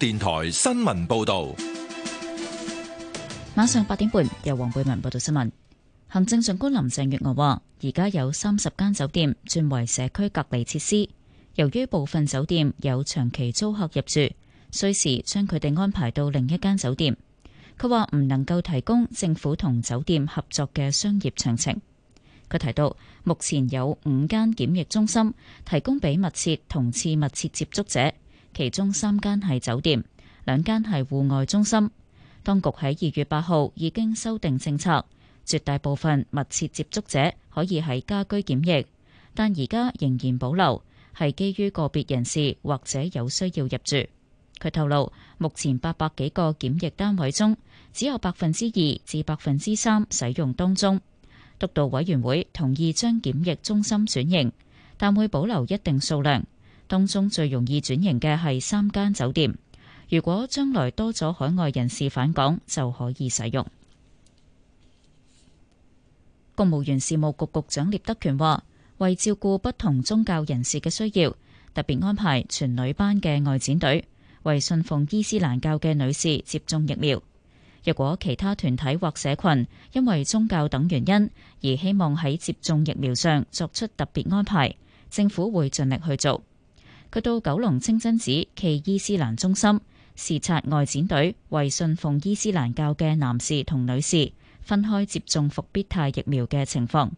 電台新聞報道，晚上八點半由黃貝文報道新聞。行政長官林鄭月娥話，而家有三十間酒店轉為社區隔離設施。由於部分酒店有長期租客入住，需時將佢哋安排到另一間酒店。佢話唔能夠提供政府同酒店合作嘅商業詳情。佢提到，目前有五間檢疫中心提供俾密切同次密切接觸者。其中三間係酒店，兩間係戶外中心。當局喺二月八號已經修訂政策，絕大部分密切接觸者可以喺家居檢疫，但而家仍然保留，係基於個別人士或者有需要入住。佢透露，目前八百幾個檢疫單位中，只有百分之二至百分之三使用當中。督導委員會同意將檢疫中心轉型，但會保留一定數量。當中最容易轉型嘅係三間酒店。如果將來多咗海外人士返港，就可以使用。公務員事務局局長聶德權話，為照顧不同宗教人士嘅需要，特別安排全女班嘅外展隊為信奉伊斯蘭教嘅女士接種疫苗。若果其他團體或社群因為宗教等原因而希望喺接種疫苗上作出特別安排，政府會盡力去做。佢到九龍清真寺暨伊斯蘭中心視察外展隊，為信奉伊斯蘭教嘅男士同女士分開接種復必泰疫苗嘅情況。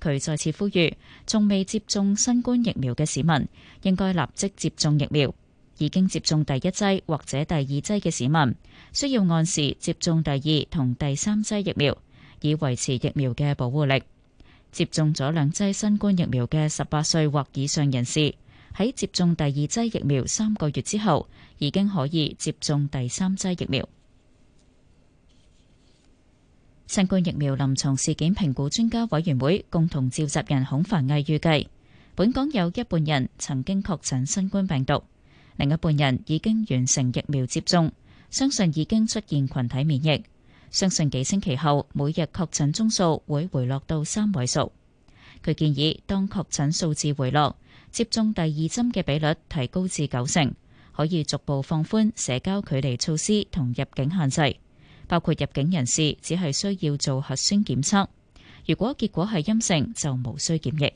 佢再次呼籲，仲未接種新冠疫苗嘅市民應該立即接種疫苗；已經接種第一劑或者第二劑嘅市民，需要按時接種第二同第三劑疫苗，以維持疫苗嘅保護力。接種咗兩劑新冠疫苗嘅十八歲或以上人士。喺接種第二劑疫苗三個月之後，已經可以接種第三劑疫苗。新冠疫苗臨床事件評估專家委員會共同召集人孔凡毅預計，本港有一半人曾經確診新冠病毒，另一半人已經完成疫苗接種，相信已經出現羣體免疫。相信幾星期後，每日確診宗數會回落到三位數。佢建議，當確診數字回落。接種第二針嘅比率提高至九成，可以逐步放寬社交距離措施同入境限制，包括入境人士只係需要做核酸檢測，如果結果係陰性就無需檢疫。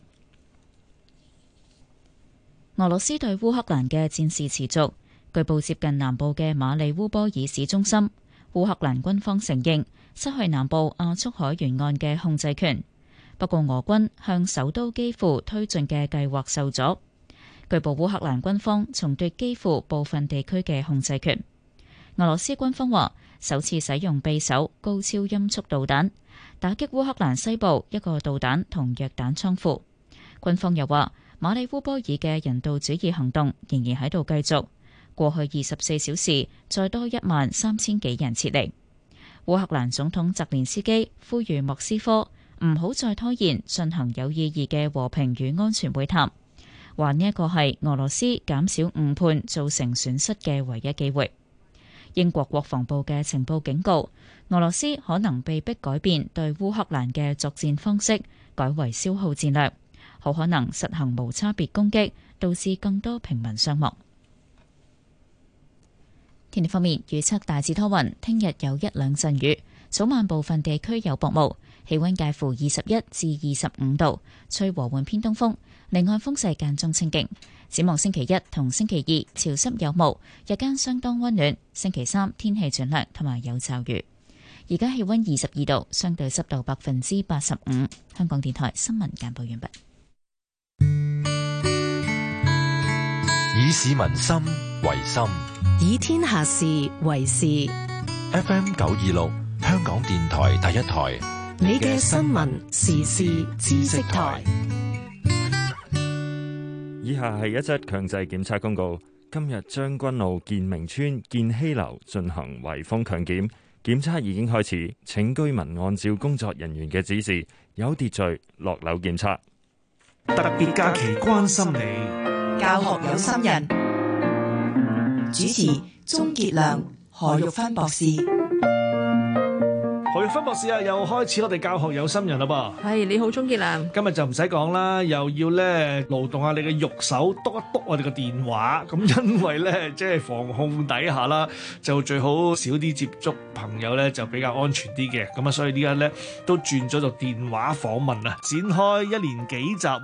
俄羅斯對烏克蘭嘅戰事持續，據報接近南部嘅馬利烏波爾市中心，烏克蘭軍方承認失去南部亞速海沿岸嘅控制權。不過俄軍向首都基輔推進嘅計劃受阻。據報烏克蘭軍方重奪基輔部分地區嘅控制權。俄羅斯軍方話首次使用匕首高超音速導彈打擊烏克蘭西部一個導彈同藥彈倉庫。軍方又話馬里烏波爾嘅人道主義行動仍然喺度繼續。過去二十四小時再多一萬三千幾人撤離。烏克蘭總統澤連斯基呼籲莫斯科。唔好再拖延，進行有意義嘅和平與安全會談，話呢一個係俄羅斯減少誤判，造成損失嘅唯一機會。英國國防部嘅情報警告，俄羅斯可能被迫改變對烏克蘭嘅作戰方式，改為消耗戰略，好可能實行無差別攻擊，導致更多平民傷亡。天氣方面，預測大致多雲，聽日有一兩陣雨，早晚部分地區有薄霧。氣溫介乎二十一至二十五度，吹和緩偏東風，離岸風勢間中清勁。展望星期一同星期二潮濕有霧，日間相當溫暖。星期三天氣轉涼同埋有驟雨。而家氣溫二十二度，相對濕度百分之八十五。香港電台新聞簡報完畢。以市民心為心，以天下事為事。FM 九二六，香港電台第一台。你嘅新聞時事知識台，以下係一則強制檢測公告。今日將軍澳建明村建熙樓進行圍封強檢，檢測已經開始，請居民按照工作人員嘅指示，有秩序落樓檢測。特別假期關心你，教學有心人，嗯、主持鍾傑良、何玉芬博士。好，分博士啊，又開始我哋教學有心人咯噃。係，你好，鍾傑亮。今日就唔使講啦，又要咧勞動下你嘅肉手篤一篤我哋嘅電話。咁因為咧，即係防控底下啦，就最好少啲接觸朋友咧，就比較安全啲嘅。咁啊，所以呢家咧都轉咗做電話訪問啊，展開一連幾集啊，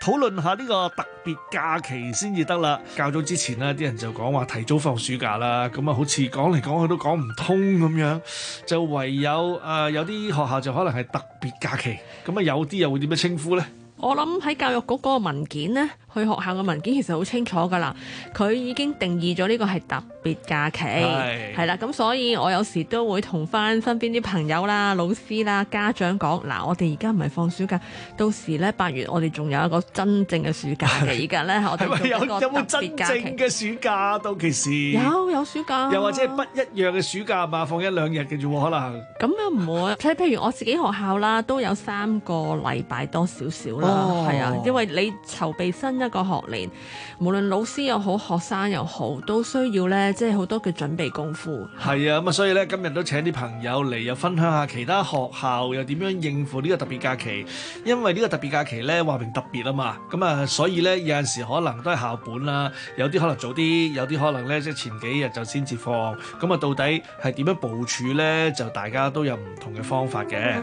討論下呢個特別假期先至得啦。較早之前啊，啲人就講話提早放暑假啦，咁啊，好似講嚟講去都講唔通咁樣，就唯有。誒、呃，有啲學校就可能係特別假期，咁啊有啲又會點樣稱呼咧？我諗喺教育局嗰個文件咧。去學校嘅文件其實好清楚㗎啦，佢已經定義咗呢個係特別假期，係啦的，咁所以我有時都會同翻身邊啲朋友啦、老師啦、家長講，嗱，我哋而家唔係放暑假，到時咧八月我哋仲有一個真正嘅暑假嘅，而家咧我哋有有冇真正嘅暑假到其時？有有暑假，又或者係不一樣嘅暑假嘛？放一兩日嘅啫喎，可能咁樣唔會譬如我自己學校啦，都有三個禮拜多少少啦，係啊、哦，因為你籌備新一個學年，無論老師又好，學生又好，都需要咧，即係好多嘅準備功夫。係啊，咁啊，所以咧今日都請啲朋友嚟，又分享下其他學校又點樣應付呢個特別假期。因為呢個特別假期咧，話明特別啊嘛，咁啊，所以咧有陣時可能都係校本啦，有啲可能早啲，有啲可能咧即係前幾日就先至放。咁啊，到底係點樣部署咧？就大家都有唔同嘅方法嘅。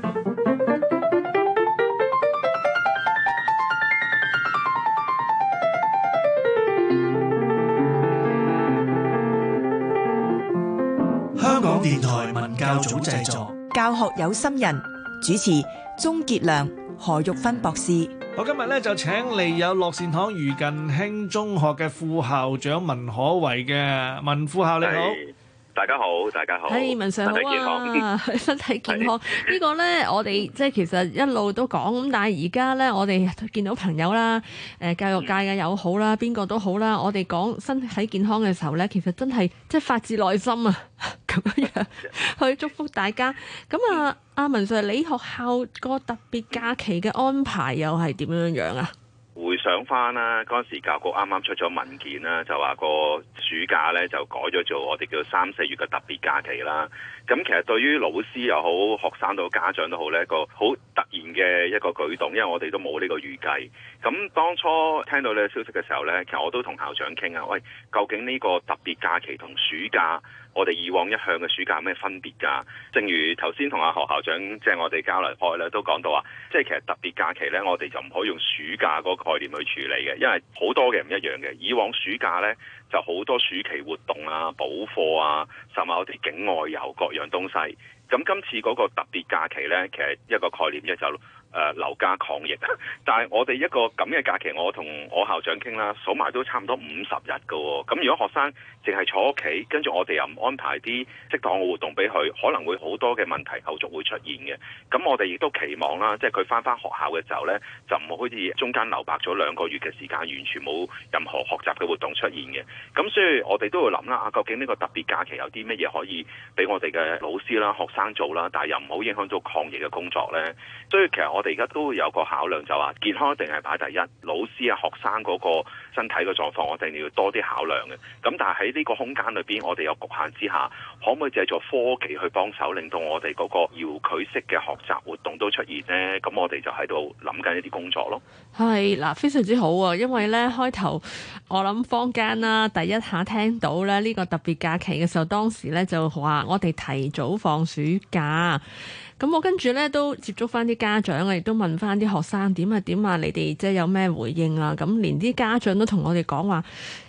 電台文教組製作，教學有心人主持，鍾杰良、何玉芬博士。我今日咧就請嚟，有樂善堂余近卿中學嘅副校長文可為嘅文副校，你好。哎，大家好，大家好，係、哎、文 Sir，好啊，身體健康呢個咧，我哋即係其實一路都講咁，但係而家咧，我哋見到朋友啦，誒，教育界嘅友好啦，邊個都好啦，我哋講身體健康嘅時候咧，其實真係即係發自內心啊。 咁樣 去祝福大家。咁啊，阿文 Sir，你學校個特別假期嘅安排又係點樣樣啊？想回想翻啦，嗰陣時，教局啱啱出咗文件啦，啊，就話個暑假咧就改咗做我哋叫三四月嘅特別假期啦。咁其實對於老師又好，學生到家長好都好咧，個好突然。嘅一個舉動，因為我哋都冇呢個預計。咁當初聽到呢個消息嘅時候呢，其實我都同校長傾啊，喂，究竟呢個特別假期同暑假，我哋以往一向嘅暑假有咩分別㗎？正如頭先同阿何校長即係我哋交流開咧，都講到話，即係其實特別假期呢，我哋就唔可以用暑假嗰個概念去處理嘅，因為好多嘅唔一樣嘅。以往暑假呢，就好多暑期活動啊、補課啊，甚至我哋境外遊各樣東西。咁今次嗰個特別假期咧，其實一個概念即係就誒，留家抗疫， 但係我哋一個咁嘅假期，我同我校長傾啦，數埋都差唔多五十日嘅喎。咁如果學生，淨係坐屋企，跟住我哋又唔安排啲適當嘅活動俾佢，可能會好多嘅問題後續會出現嘅。咁我哋亦都期望啦，即係佢翻翻學校嘅時候呢，就唔好好似中間留白咗兩個月嘅時間，完全冇任何學習嘅活動出現嘅。咁所以我哋都會諗啦，啊，究竟呢個特別假期有啲乜嘢可以俾我哋嘅老師啦、學生做啦，但係又唔好影響到抗疫嘅工作呢。所以其實我哋而家都會有個考量就，就話健康一定係擺第一，老師啊、學生嗰個身體嘅狀況，我哋一定要多啲考量嘅。咁但係喺呢個空間裏邊，我哋有局限之下，可唔可以借助科技去幫手，令到我哋嗰個遙距式嘅學習活動都出現呢？咁我哋就喺度諗緊一啲工作咯。係、嗯、嗱、嗯，非常之好啊！因為呢，開頭我諗坊間啦，第一下聽到咧呢、呢個特別假期嘅時候，當時呢就話我哋提早放暑假，咁我跟住呢，都接觸翻啲家長我亦都問翻啲學生點啊點啊，你哋即係有咩回應啊？咁連啲家長都同我哋講話。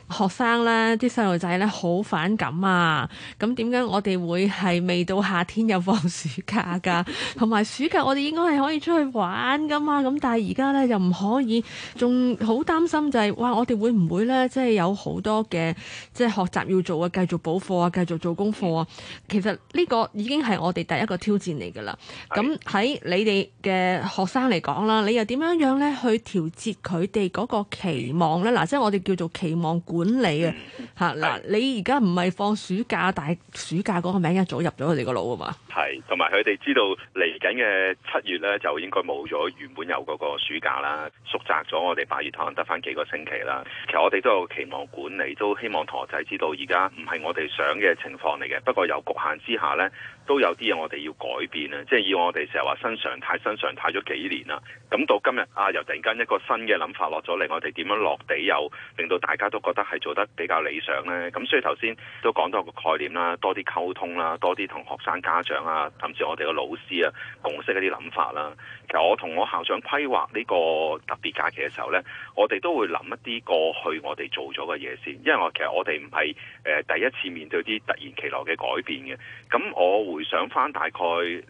學生咧，啲細路仔咧好反感啊！咁點解我哋會係未到夏天又放暑假㗎？同埋 暑假我哋應該係可以出去玩㗎嘛？咁但係而家咧又唔可以，仲好擔心就係、話、哇！我哋會唔會咧即係有好多嘅即係學習要做啊，繼續補課啊，繼續做功課啊？其實呢個已經係我哋第一個挑戰嚟㗎啦。咁喺 你哋嘅學生嚟講啦，你又點樣樣咧去調節佢哋嗰個期望咧？嗱、啊，即係我哋叫做期望管理啊，嚇嗱、嗯！嗯、你而家唔係放暑假，是但係暑假嗰個名一早入咗佢哋個腦啊嘛。係，同埋佢哋知道嚟緊嘅七月咧，就應該冇咗原本有嗰個暑假啦，縮窄咗我哋八月堂得翻幾個星期啦。其實我哋都有期望管理，都希望同學仔知道，而家唔係我哋想嘅情況嚟嘅。不過有局限之下咧。都有啲嘢我哋要改變咧，即係以我哋成日話新常態，新常態咗幾年啦，咁到今日啊，又突然間一個新嘅諗法落咗嚟，我哋點樣落地又令到大家都覺得係做得比較理想呢？咁所以頭先都講到個概念啦，多啲溝通啦，多啲同學生家長啊，甚至我哋嘅老師啊，共識一啲諗法啦。其實我同我校長規劃呢個特別假期嘅時候呢，我哋都會諗一啲過去我哋做咗嘅嘢先，因為我其實我哋唔係誒第一次面對啲突然其來嘅改變嘅，咁我會。回想翻大概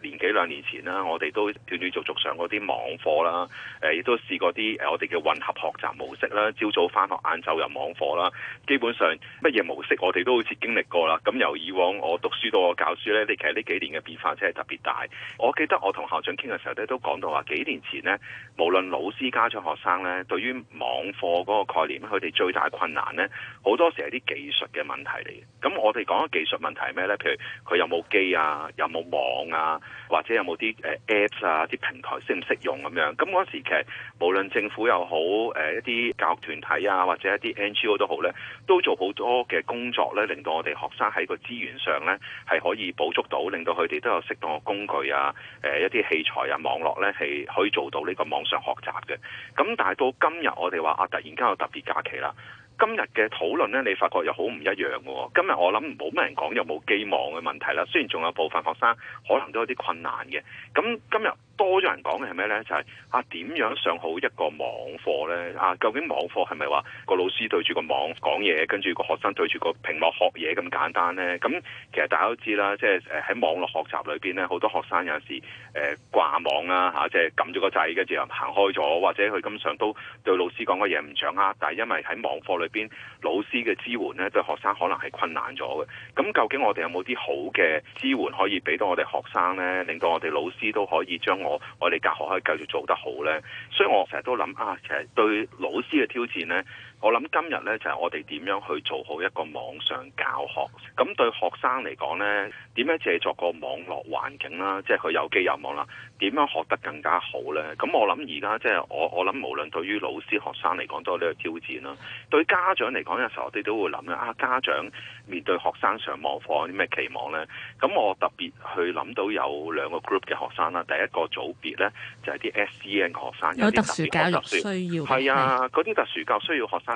年幾兩年前啦，我哋都斷斷續續上過啲網課啦，誒，亦都試過啲誒我哋嘅混合學習模式啦。朝早翻學，晏晝入網課啦。基本上乜嘢模式，我哋都好似經歷過啦。咁由以往我讀書到我教書咧，你其實呢幾年嘅變化真係特別大。我記得我同校長傾嘅時候咧，都講到話幾年前咧，無論老師家長學生咧，對於網課嗰個概念，佢哋最大困難咧，好多時係啲技術嘅問題嚟嘅。咁我哋講嘅技術問題係咩咧？譬如佢有冇機啊？啊、有冇網啊？或者有冇啲誒 apps 啊？啲、啊、平台適唔適用咁、啊、樣？咁嗰時其實無論政府又好誒、呃、一啲教育團體啊，或者一啲 NGO 都好咧，都做好多嘅工作咧，令到我哋學生喺個資源上咧係可以補足到，令到佢哋都有適當嘅工具啊，誒、呃、一啲器材啊，網絡咧係可以做到呢個網上學習嘅。咁但係到今日我哋話啊，突然間有特別假期啦。今日嘅討論咧，你發覺又好唔一樣嘅、哦。今日我諗冇咩人講又冇寄望嘅問題啦。雖然仲有部分學生可能都有啲困難嘅。咁今日。多咗人講嘅係咩呢？就係、是、啊，點樣上好一個網課呢？啊，究竟網課係咪話個老師對住個網講嘢，跟住個學生對住個屏幕學嘢咁簡單呢？咁其實大家都知啦，即係喺網絡學習裏邊咧，好多學生有時誒掛、呃、網啊，嚇，即係撳咗個掣跟住又行開咗，或者佢咁上都對老師講嘅嘢唔掌握，但係因為喺網課裏邊老師嘅支援呢，對學生可能係困難咗嘅。咁究竟我哋有冇啲好嘅支援可以俾到我哋學生呢？令到我哋老師都可以將，我哋教學可以繼續做得好咧，所以我成日都諗啊，其實對老師嘅挑戰咧。我諗今日咧就係、是、我哋點樣去做好一個網上教學，咁對學生嚟講咧，點樣借助個網絡環境啦，即係佢有機有網啦，點樣學得更加好咧？咁我諗而家即係我我諗無論對於老師、學生嚟講都係呢個挑戰啦。對家長嚟講，有時候我哋都會諗啊，家長面對學生上網課有啲咩期望咧？咁我特別去諗到有兩個 group 嘅學生啦，第一個組別咧就係、是、啲 SEN 學生，有啲特殊教育需要，係啊，嗰啲特殊教，特殊教育需要學生。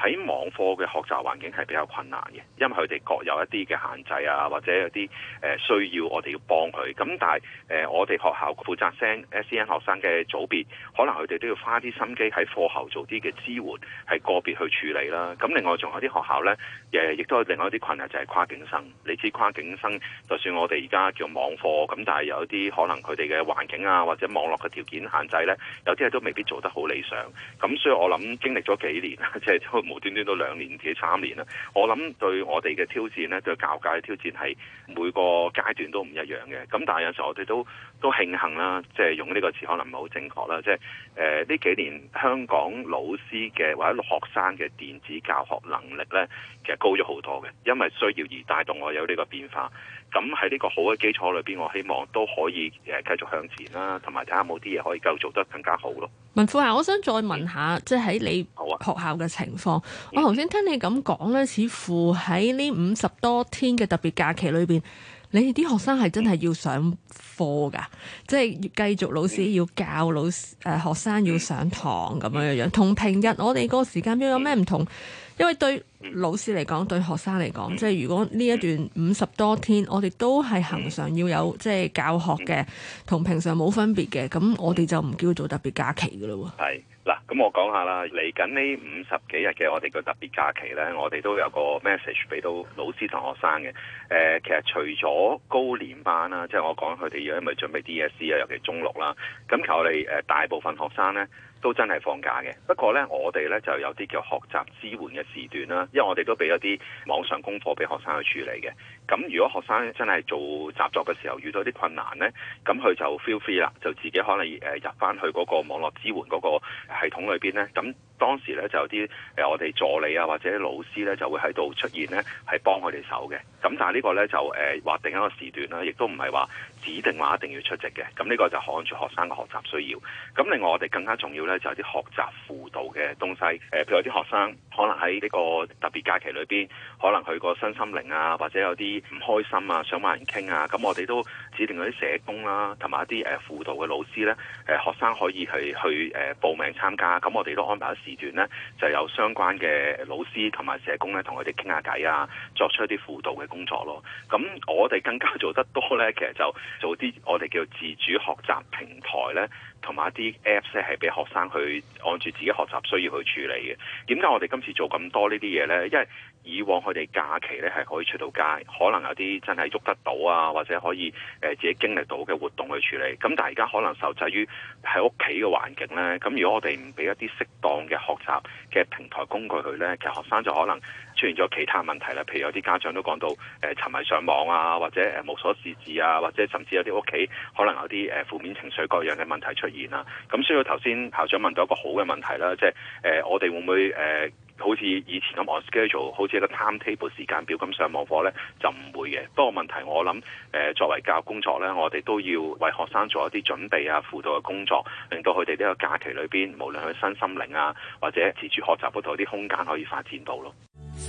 喺網課嘅學習環境係比較困難嘅，因為佢哋各有一啲嘅限制啊，或者有啲誒需要我哋要幫佢。咁但係誒、呃，我哋學校負責 SEN 學生嘅組別，可能佢哋都要花啲心機喺課後做啲嘅支援，係個別去處理啦。咁另外仲有啲學校咧，誒亦都有另外一啲困難就係、係、跨境生。你知跨境生就算我哋而家叫網課，咁但係有啲可能佢哋嘅環境啊，或者網絡嘅條件限制咧，有啲嘢都未必做得好理想。咁所以我諗經歷咗幾年，即 係無端端到兩年、至三年啦，我諗對我哋嘅挑戰咧，對教界嘅挑戰係每個階段都唔一樣嘅。咁但係有時候我哋都都慶幸啦，即係用呢個詞可能唔係好正確啦。即係誒呢幾年香港老師嘅或者學生嘅電子教學能力咧，其實高咗好多嘅，因為需要而帶動我有呢個變化。咁喺呢個好嘅基礎裏邊，我希望都可以誒繼續向前啦，同埋睇下冇啲嘢可以夠做得更加好咯。文副校，我想再問下，即係喺你學校嘅情況。嗯我頭先聽你咁講咧，似乎喺呢五十多天嘅特別假期裏邊，你哋啲學生係真係要上課噶，即係要繼續老師要教老師誒、呃，學生要上堂咁樣樣，同平日我哋個時間表有咩唔同？因為對老師嚟講，對學生嚟講，即係如果呢一段五十多天，我哋都係恆常要有即係教學嘅，同平常冇分別嘅，咁我哋就唔叫做特別假期噶啦喎。係。咁我講下啦，嚟緊呢五十幾日嘅我哋個特別假期呢，我哋都有個 message 俾到老師同學生嘅。誒、呃，其實除咗高年班、啊就是、SE，啦，即係我講佢哋要一咪準備 DSE 啊，尤其中六啦。咁其實我哋大部分學生呢，都真係放假嘅，不過呢，我哋呢就有啲叫學習支援嘅時段啦，因為我哋都俾咗啲網上功課俾學生去處理嘅。咁如果學生真係做習作嘅時候遇到啲困難呢，咁佢就 feel free 啦，就自己可能誒入翻去嗰個網絡支援嗰個系統裏邊呢。咁。當時咧就有啲誒、呃，我哋助理啊或者老師咧就會喺度出現咧，係幫佢哋手嘅。咁但係呢個咧就誒劃、呃、定一個時段啦，亦都唔係話指定話一定要出席嘅。咁呢個就看住學生嘅學習需要。咁另外我哋更加重要咧就係啲學習輔導嘅東西。誒、呃，譬如有啲學生可能喺呢個特別假期裏邊，可能去個新心靈啊或者有啲唔開心啊想揾人傾啊，咁我哋都指定嗰啲社工啦同埋一啲誒、呃、輔導嘅老師咧，誒、呃、學生可以係去誒、呃、報名參加。咁我哋都安排時段咧就有相關嘅老師同埋社工咧同佢哋傾下偈啊，作出一啲輔導嘅工作咯。咁、嗯、我哋更加做得多咧，其實就做啲我哋叫做自主學習平台咧。同埋一啲 Apps 咧，係俾學生去按住自己學習需要去處理嘅。點解我哋今次做咁多呢啲嘢咧？因為以往佢哋假期咧係可以出到街，可能有啲真係喐得到啊，或者可以誒自己經歷到嘅活動去處理。咁但係而家可能受制於喺屋企嘅環境咧。咁如果我哋唔俾一啲適當嘅學習嘅平台工具去咧，其實學生就可能。出現咗其他問題啦，譬如有啲家長都講到誒沉迷上網啊，或者誒無所事事啊，或者甚至有啲屋企可能有啲誒負面情緒各樣嘅問題出現啦。咁所以頭先校長問到一個好嘅問題啦，即係誒我哋會唔會誒、呃、好似以前咁 on schedule，好似一個 time table 時間表咁上網課咧就唔會嘅。不過問題我諗誒、呃、作為教育工作咧，我哋都要為學生做一啲準備啊、輔導嘅工作，令到佢哋呢個假期裏邊，無論佢身心靈啊或者自主學習嗰度啲空間可以發展到咯。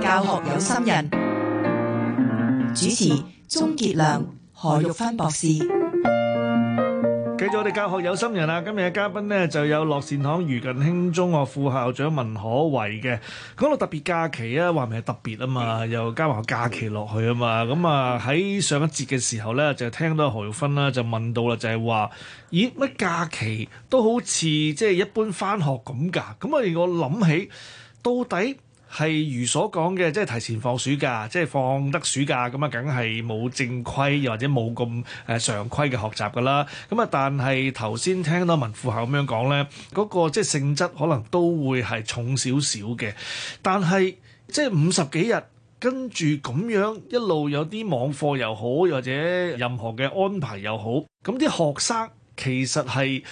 教學有心人，主持鍾傑亮、何玉芬博士，繼續我哋教學有心人啊！今日嘅嘉賓咧就有樂善堂余近卿中學副校長文可為嘅。講到特別假期啊，話唔係特別啊嘛，嗯、又加埋個假期落去啊嘛。咁啊喺上一節嘅時候咧，就聽到何玉芬啦，就問到啦，就係話咦，乜假期都好似即係一般返學咁噶？咁啊我諗起到底。係如所講嘅，即係提前放暑假，即係放得暑假咁啊，梗係冇正規，又或者冇咁誒常規嘅學習㗎啦。咁啊，但係頭先聽到文副校咁樣講呢，嗰、嗰個即係性質可能都會係重少少嘅。但係即係五十幾日跟住咁樣一路有啲網課又好，又或者任何嘅安排又好，咁啲學生其實係。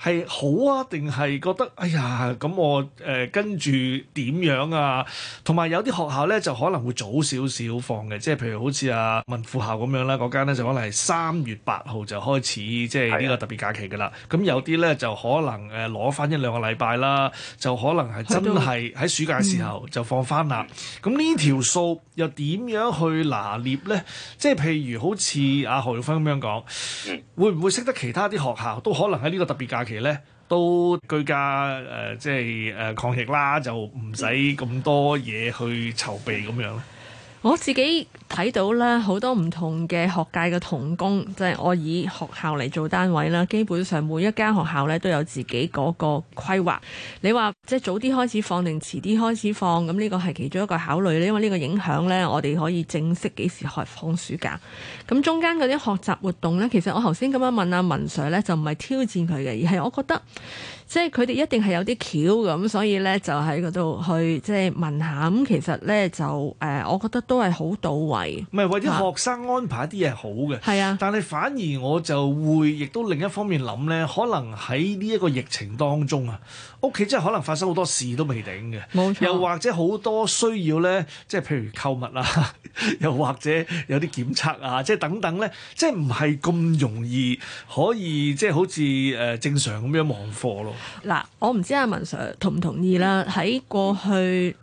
係好啊，定係覺得哎呀咁我誒、呃、跟住點樣啊？同埋有啲學校呢，就可能會早少少放嘅，即係譬如好似阿、啊、文副校咁樣啦，嗰間呢就可能係三月八號就開始即係呢個特別假期㗎啦。咁、啊、有啲呢，就可能誒攞翻一兩個禮拜啦，就可能係真係喺暑假嘅時候就放翻啦。咁呢、嗯、條數又點樣去拿捏呢？即係譬如好似阿、啊、何玉芬咁樣講，嗯、會唔會識得其他啲學校都可能喺呢個特別假期？其實呢都居家誒、呃，即係誒、呃、抗疫啦，就唔使咁多嘢去籌備咁樣咯。我自己，睇到咧好多唔同嘅學界嘅同工，即係我以學校嚟做單位啦。基本上每一間學校咧都有自己個規劃，你話即係早啲開始放定遲啲開始放，咁呢個係其中一個考慮，咧。因為呢個影響咧，我哋可以正式幾時開放暑假。咁中間啲學習活動咧，其實我頭先咁樣問阿文 Sir 咧，就唔係挑戰佢嘅，而係我覺得即係佢哋一定係有啲橋咁，所以咧就喺度去即係問下。咁其實咧就誒我覺得都係好到位。唔係為啲學生安排一啲嘢好嘅，係啊！但係反而我就會亦都另一方面諗咧，可能喺呢一個疫情當中啊。屋企真係可能發生好多事都未定嘅，冇錯。又或者好多需要咧，即係譬如購物啊，又或者有啲檢測啊，即係等等咧，即係唔係咁容易可以即係好似誒正常咁樣網課咯。嗱，我唔知阿文 Sir 同唔同意啦。喺過去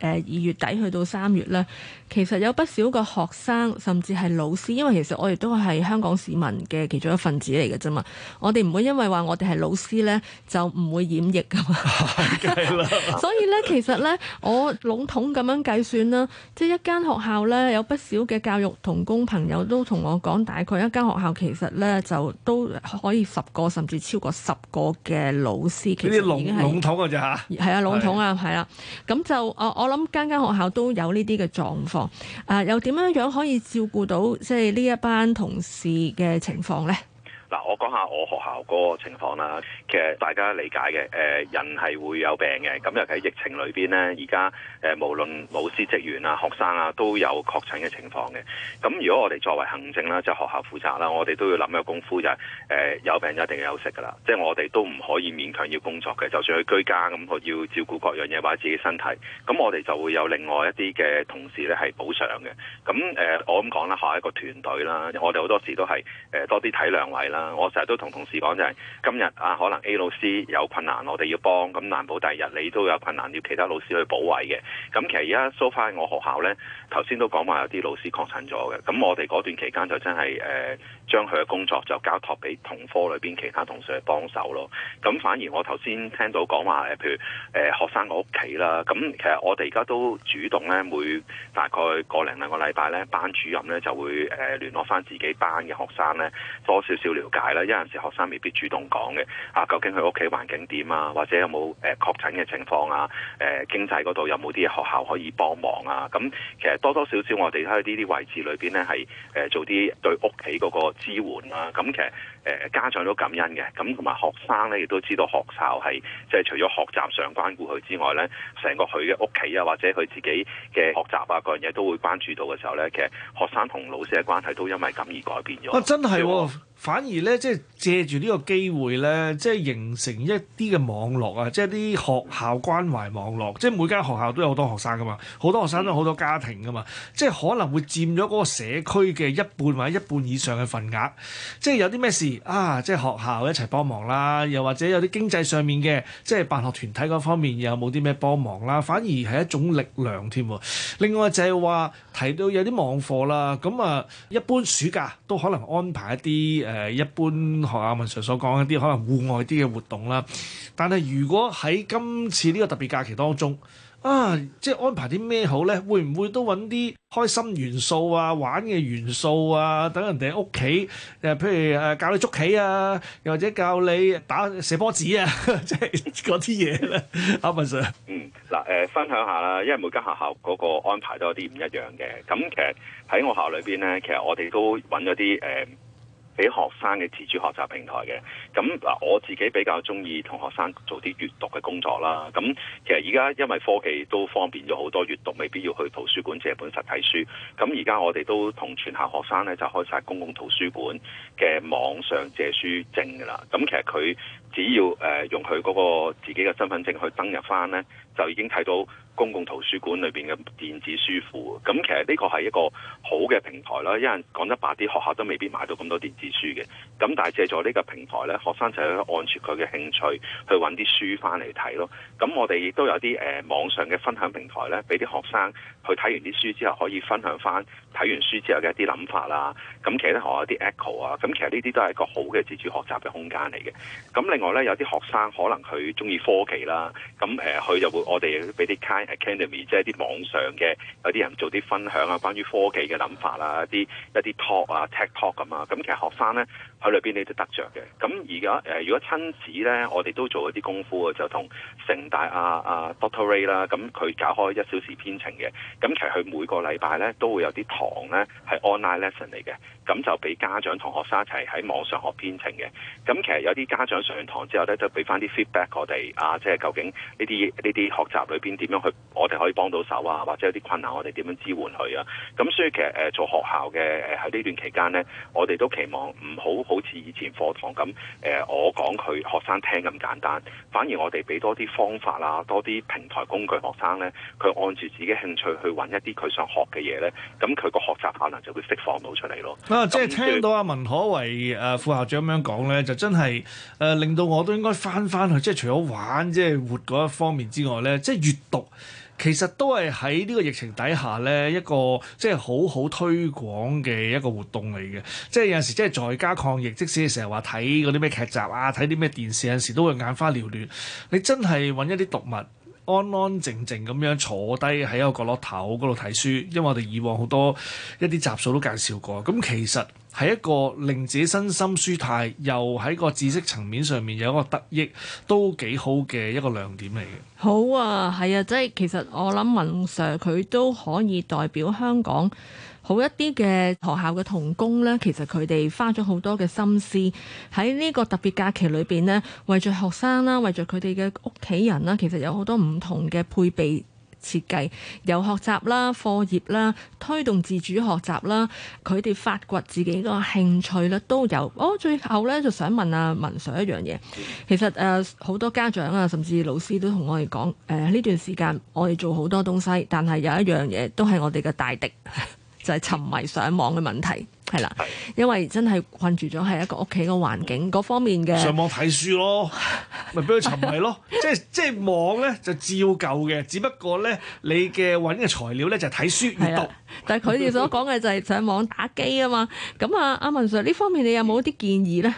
誒二月底去到三月咧，其實有不少個學生甚至係老師，因為其實我哋都係香港市民嘅其中一份子嚟嘅啫嘛。我哋唔會因為話我哋係老師咧，就唔會染疫噶嘛。 係啦， 所以咧，其實咧，我籠統咁樣計算啦，即係一間學校咧，有不少嘅教育同工朋友都同我講，大概一間學校其實咧就都可以十個甚至超過十個嘅老師。其實籠籠統嘅啫吓，係啊，籠、啊、統啊，係啦、啊。咁就我我諗間間學校都有呢啲嘅狀況。誒、呃，又點樣樣可以照顧到即係呢一班同事嘅情況咧？我講下我學校個情況啦。其實大家理解嘅，誒、呃、人係會有病嘅。咁尤其喺疫情裏邊咧，而家誒無論老師、職員啊、學生啊，都有確診嘅情況嘅。咁如果我哋作為行政啦，即係學校負責啦，我哋都要諗一啲功夫就係、是、誒、呃、有病一定要休息㗎啦。即係我哋都唔可以勉強要工作嘅。就算去居家咁，要照顧各樣嘢或者自己身體，咁我哋就會有另外一啲嘅同事咧係補償嘅。咁誒、呃，我咁講啦，學校一個團隊啦，我哋好多時都係誒、呃、多啲體諒位啦。我成日都同同事講就係、是、今日啊，可能 A 老師有困難，我哋要幫。咁難保第二日你都有困難，要其他老師去補位嘅。咁、啊、其實而家 so far 我學校呢，頭先都講話有啲老師確診咗嘅。咁、啊、我哋嗰段期間就真係誒、啊、將佢嘅工作就交託俾同科裏邊其他同事去幫手咯。咁、啊啊、反而我頭先聽到講話誒，譬如誒、啊、學生個屋企啦。咁、啊啊、其實我哋而家都主動呢，每大概個零兩個禮拜呢，班主任呢就會誒、啊、聯絡翻自己班嘅學生呢，多少少，少聊。了解啦，有陣時學生未必主動講嘅啊，究竟佢屋企環境點啊，或者有冇誒、呃、確診嘅情況啊？誒、呃、經濟嗰度有冇啲學校可以幫忙啊？咁、啊、其實多多少少我哋喺呢啲位置裏邊咧，係誒、呃、做啲對屋企嗰個支援啦、啊。咁、啊嗯、其實。誒家長都感恩嘅，咁同埋學生咧亦都知道學校係即係除咗學習上關顧佢之外咧，成個佢嘅屋企啊，或者佢自己嘅學習啊各樣嘢都會關注到嘅時候咧，其實學生同老師嘅關係都因為咁而改變咗。啊，真係喎，對反而咧即係借住呢個機會咧，即係形成一啲嘅網絡啊，即係啲學校關懷網絡，即係每間學校都有好多學生噶嘛，好多學生都好多家庭噶嘛，即係、嗯、可能會佔咗嗰個社區嘅一半或者一半以上嘅份額，即係有啲咩事。啊！即係學校一齊幫忙啦，又或者有啲經濟上面嘅，即係辦學團體嗰方面又冇啲咩幫忙啦，反而係一種力量添。另外就係話提到有啲網課啦，咁啊一般暑假都可能安排一啲誒、呃、一般學校文 Sir 所講一啲可能戶外啲嘅活動啦。但係如果喺今次呢個特別假期當中，啊！即係安排啲咩好咧？會唔會都揾啲開心元素啊、玩嘅元素啊，等人哋喺屋企誒，譬如誒、呃、教你捉棋啊，又或者教你打射波子啊，即係嗰啲嘢咧。阿、就是、 文 Sir，嗯嗱誒、呃，分享下啦，因為每間學校嗰個安排都有啲唔一樣嘅。咁其實喺我校裏邊咧，其實我哋都揾咗啲誒。呃俾學生嘅自主學習平台嘅，咁嗱我自己比較中意同學生做啲閱讀嘅工作啦。咁其實而家因為科技都方便咗好多，閱讀未必要去圖書館借本實體書。咁而家我哋都同全校學生咧就開晒公共圖書館嘅網上借書證噶啦。咁其實佢只要誒、呃、用佢嗰個自己嘅身份證去登入翻咧，就已經睇到。公共圖書館裏邊嘅電子書庫，咁其實呢個係一個好嘅平台啦。因為講得白啲，學校都未必買到咁多電子書嘅。咁但係借助呢個平台咧，學生就去按住佢嘅興趣去揾啲書翻嚟睇咯。咁我哋亦都有啲誒網上嘅分享平台咧，俾啲學生去睇完啲書之後，可以分享翻睇完書之後嘅一啲諗法啦。咁其實可能有啲 echo 啊，咁其實呢啲都係一個好嘅自主學習嘅空間嚟嘅。咁另外呢，有啲學生可能佢中意科技啦，咁誒佢就會我哋俾啲 academy 即係啲網上嘅，有啲人做啲分享啊，關於科技嘅諗法啊，一啲一啲 talk 啊 tech talk 咁啊，咁、嗯、其實學生咧。喺裏邊你都得着嘅，咁而家誒，如果親子咧，我哋都做一啲功夫啊，就同盛大啊阿 Doctor Ray 啦，咁佢搞開一小時編程嘅，咁其實佢每個禮拜咧都會有啲堂咧係 online lesson 嚟嘅，咁就俾家長同學生一齊喺網上學編程嘅，咁其實有啲家長上完堂之後咧就俾翻啲 feedback 我哋 feed，啊，即係究竟呢啲呢啲學習裏邊點樣去，我哋可以幫到手啊，或者有啲困難我哋點樣支援佢啊，咁所以其實誒、呃、做學校嘅誒喺呢段期間咧，我哋都期望唔好。好似以前課堂咁，誒我講佢學生聽咁簡單，反而我哋俾多啲方法啦，多啲平台工具學生咧，佢按住自己興趣去揾一啲佢想學嘅嘢咧，咁佢個學習可能就會釋放到出嚟咯。啊，即係聽到阿文可為誒副校長咁樣講咧，就真係誒令到我都應該返返去，即係除咗玩即係活嗰一方面之外咧，即係閱讀。其實都係喺呢個疫情底下咧，一個即係好好推廣嘅一個活動嚟嘅。即係有陣時，即係在家抗疫，即使你成日話睇嗰啲咩劇集啊，睇啲咩電視，有陣時都會眼花撩亂。你真係搵一啲讀物。安安靜靜咁樣坐低喺一個角落頭嗰度睇書，因為我哋以往好多一啲集數都介紹過。咁其實係一個令自己身心舒泰，又喺個知識層面上面有一個得益，都幾好嘅一個亮點嚟嘅。好啊，係啊，即係其實我諗文 Sir 佢都可以代表香港。好一啲嘅學校嘅同工呢，其實佢哋花咗好多嘅心思喺呢個特別假期裏邊呢，為著學生啦，為著佢哋嘅屋企人啦，其實有好多唔同嘅配備設計，有學習啦、課業啦，推動自主學習啦，佢哋發掘自己個興趣咧都有。我、哦、最後呢，就想問阿、啊、文 Sir 一樣嘢，其實誒好、呃、多家長啊，甚至老師都同我哋講誒呢段時間我哋做好多東西，但係有一樣嘢都係我哋嘅大敵。 就係沉迷上網嘅問題，係啦，的因為真係困住咗，喺一個屋企嘅環境嗰、嗯、方面嘅上網睇書咯，咪俾佢沉迷咯， 即係即係網咧就照舊嘅，只不過咧你嘅搵嘅材料咧就係睇書閲讀，但係佢哋所講嘅就係上網打機啊嘛，咁 啊阿文 Sir 呢方面你有冇一啲建議咧？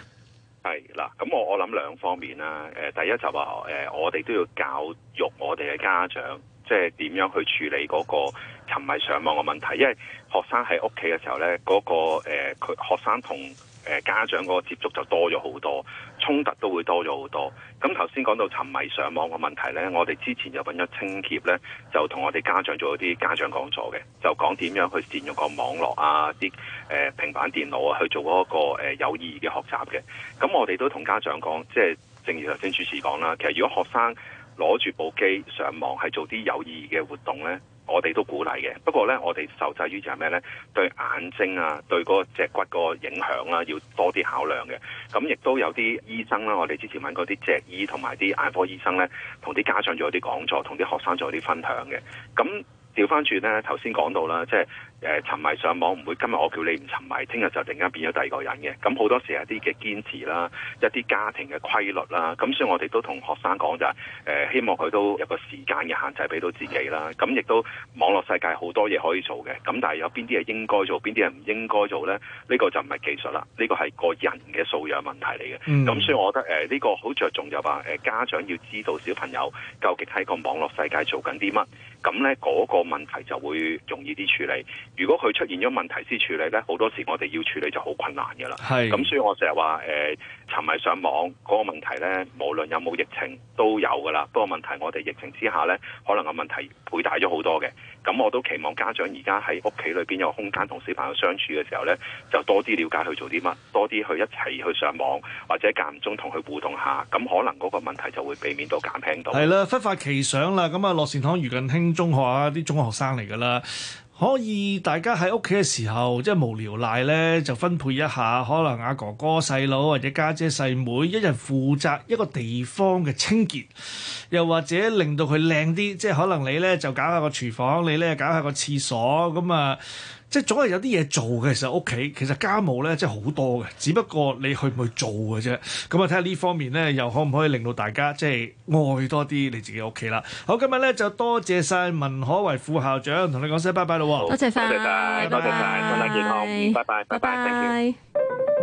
係啦，咁我我諗兩方面啦，誒第一就話誒我哋都要教育我哋嘅家長，即係點樣去處理嗰、那個，沉迷上網嘅問題，因為學生喺屋企嘅時候咧，嗰、嗰個佢、呃、學生同誒家長嗰個接觸就多咗好多，衝突都會多咗好多。咁頭先講到沉迷上網嘅問題咧，我哋之前就揾咗青協咧，就同我哋家長做一啲家長講座嘅，就講點樣去善用個網絡啊，啲誒平板電腦啊，去做嗰個誒有意義嘅學習嘅。咁我哋都同家長講，即係正如頭先主持講啦，其實如果學生攞住部機上網係做啲有意義嘅活動咧。我哋都鼓勵嘅，不過咧，我哋受制於就係咩咧？對眼睛啊，對個脊骨個影響啦、啊，要多啲考量嘅。咁、嗯、亦都有啲醫生啦，我哋之前問過啲脊醫同埋啲眼科醫生咧，同啲家長做啲講座，同啲學生做啲分享嘅。咁調翻轉咧，頭先講到啦，即係。誒、呃、沉迷上網唔會，今日我叫你唔沉迷，聽日就突然間變咗第二個人嘅。咁好多時係啲嘅堅持啦，一啲家庭嘅規律啦。咁所以我哋都同學生講就係，誒、呃、希望佢都有個時間嘅限制俾到自己啦。咁亦都網絡世界好多嘢可以做嘅。咁但係有邊啲係應該做，邊啲係唔應該做咧？呢、這個就唔係技術啦，呢、這個係個人嘅素養問題嚟嘅。咁、嗯、所以我覺得誒呢、呃這個好著重就係、是、誒、呃、家長要知道小朋友究竟喺個網絡世界做緊啲乜，咁咧嗰個問題就會容易啲處理。如果佢出現咗問題先處理咧，好多時我哋要處理就好困難嘅啦。係咁是，所以我成日話誒，沉迷上網嗰個問題咧，無論有冇疫情都有噶啦。不過問題，我哋疫情之下咧，可能個問題倍大咗好多嘅。咁我都期望家長而家喺屋企裏邊有空間同小朋友相處嘅時候咧，就多啲了解佢做啲乜，多啲去一齊去上網或者間唔中同佢互動下。咁可能嗰個問題就會避免到減輕到。係啦，忽發奇想啦，咁啊，樂善堂余近卿中學啊，啲中學生嚟㗎啦。可以大家喺屋企嘅時候，即係無聊賴呢，就分配一下，可能阿哥哥細佬或者家姐細妹一人負責一個地方嘅清潔，又或者令到佢靚啲，即係可能你呢，就搞下個廚房，你呢，搞下個廁所，咁啊～即係總係有啲嘢做嘅，其實屋企其實家務咧，即係好多嘅，只不過你去唔去做嘅啫。咁啊，睇下呢方面咧，又可唔可以令到大家即係愛多啲你自己屋企啦。好，今日咧就多謝晒文可為副校長同你講聲拜拜咯。好多謝晒，多謝晒，多謝晒，多謝健康，拜拜，拜拜，thank you。